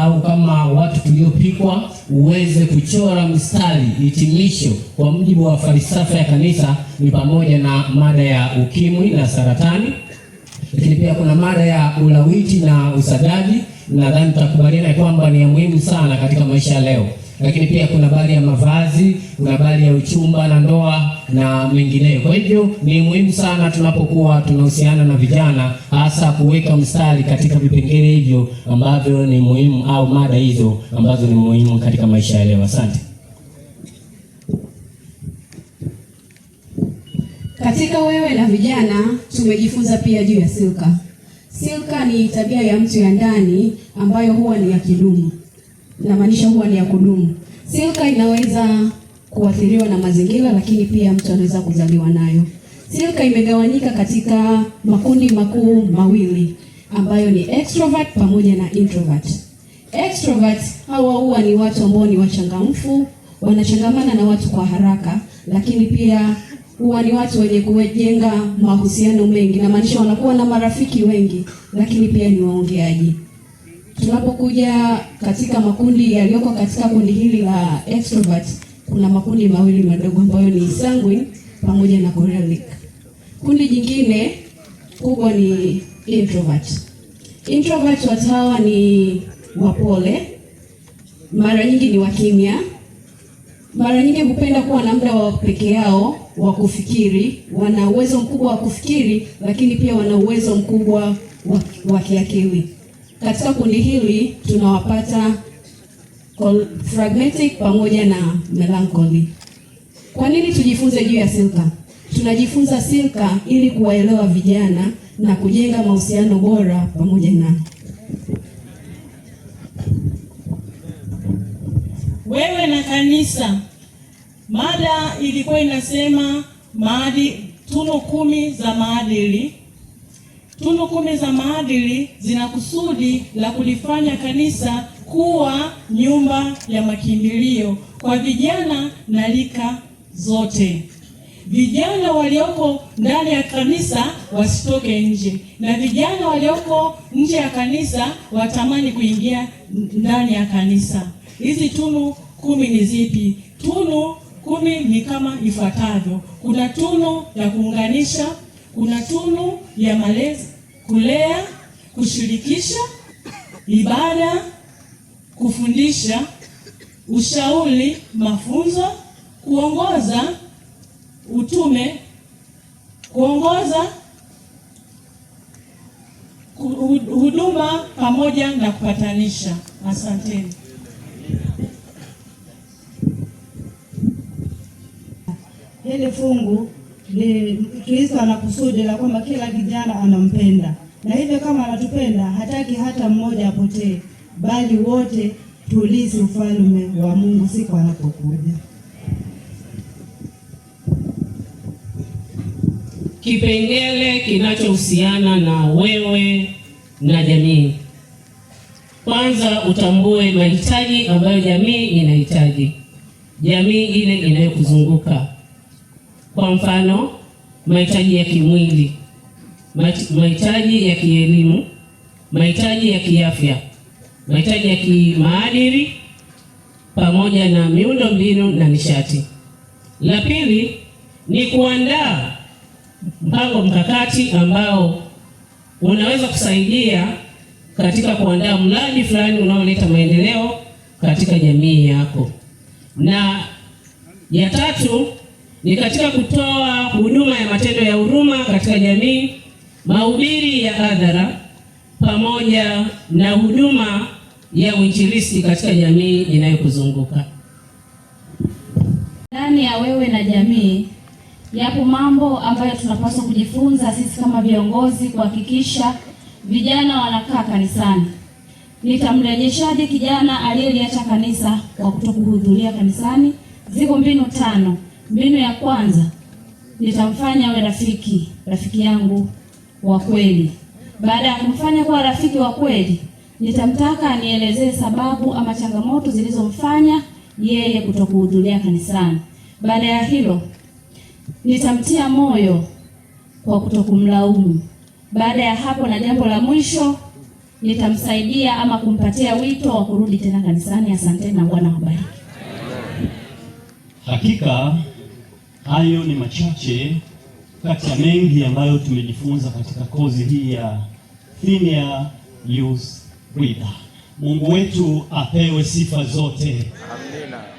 au kama watu tuliopikwa, uweze kuchora mstari hitimisho kwa mujibu wa falsafa ya kanisa, ni pamoja na mada ya ukimwi na saratani, lakini pia kuna mada ya ulawiti na usagaji nadhani tutakubaliana kwamba ni ya muhimu sana katika maisha leo, lakini pia kuna baadhi ya mavazi, kuna baadhi ya uchumba na ndoa na mengineyo. Kwa hivyo ni muhimu sana tunapokuwa tunahusiana na vijana, hasa kuweka mstari katika vipengele hivyo ambavyo ni muhimu, au mada hizo ambazo ni muhimu katika maisha ya leo. Asante. Katika wewe na vijana tumejifunza pia juu ya silka. Silka ni tabia ya mtu ya ndani ambayo huwa ni ya kidumu, namaanisha huwa ni ya kudumu. Silka inaweza kuathiriwa na mazingira, lakini pia mtu anaweza kuzaliwa nayo. Silka imegawanyika katika makundi makuu mawili ambayo ni extrovert pamoja na introvert. Extrovert hawa huwa ni watu ambao ni wachangamfu, wanachangamana na watu kwa haraka lakini pia huwa ni watu wenye kujenga mahusiano mengi, namaanisha wanakuwa na marafiki wengi, lakini pia ni waongeaji. Tunapokuja katika makundi yaliyoko katika kundi hili la extrovert, kuna makundi mawili madogo ambayo ni sanguine pamoja na choleric. Kundi jingine kubwa ni introvert. Introvert watu hawa ni wapole, mara nyingi ni wakimya mara nyingi hupenda kuwa na muda wa peke yao wa kufikiri. Wana uwezo mkubwa wa kufikiri, lakini pia wana uwezo mkubwa wa kiakili. Katika kundi hili tunawapata phlegmatic pamoja na melancholy. Kwa nini tujifunze juu ya silka? Tunajifunza silka ili kuwaelewa vijana na kujenga mahusiano bora pamoja na wewe na kanisa. Mada ilikuwa inasema maadi, tunu kumi za maadili. Tunu kumi za maadili zina kusudi la kulifanya kanisa kuwa nyumba ya makimbilio kwa vijana na lika zote. Vijana walioko ndani ya kanisa wasitoke nje, na vijana walioko nje ya kanisa watamani kuingia ndani ya kanisa. Hizi tunu kumi ni zipi? Tunu kumi ni kama ifuatavyo: kuna tunu ya kuunganisha, kuna tunu ya malezi, kulea, kushirikisha, ibada, kufundisha, ushauri, mafunzo, kuongoza, utume, kuongoza, huduma, pamoja na kupatanisha. Asanteni. hili fungu ni Kristo ana kusudi la kwamba kila kijana anampenda, na hivyo kama anatupenda hataki hata mmoja apotee, bali wote tulizi ufalme wa Mungu siku anapokuja. Kipengele kinachohusiana na wewe na jamii. Kwanza utambue mahitaji ambayo jamii inahitaji, jamii ile inayokuzunguka kwa mfano, mahitaji ya kimwili, mahitaji ya kielimu, mahitaji ya kiafya, mahitaji ya kimaadili pamoja na miundo mbinu na nishati. La pili ni kuandaa mpango mkakati ambao unaweza kusaidia katika kuandaa mradi fulani unaoleta maendeleo katika jamii yako. Na ya tatu ni katika kutoa huduma ya matendo ya huruma katika jamii, mahubiri ya hadhara, pamoja na huduma ya uinjilisti katika jamii inayokuzunguka. Ndani ya wewe na jamii, yapo mambo ambayo tunapaswa kujifunza sisi kama viongozi kuhakikisha vijana wanakaa kanisani. Nitamrejeshaje kijana aliyeliacha kanisa kwa kutokuhudhuria kanisani? Ziko mbinu tano. Mbinu ya kwanza nitamfanya awe rafiki, rafiki yangu wa kweli. Baada ya kumfanya kuwa rafiki wa kweli, nitamtaka anielezee sababu ama changamoto zilizomfanya yeye kutokuhudhuria kanisani. Baada ya hilo, nitamtia moyo kwa kutokumlaumu. Baada ya hapo, na jambo la mwisho, nitamsaidia ama kumpatia wito wa kurudi tena kanisani. Asanteni na Bwana wabariki. Hakika Hayo ni machache kati ya mengi ambayo tumejifunza katika kozi hii ya Senior Youth Leader. Mungu wetu apewe sifa zote. Amina.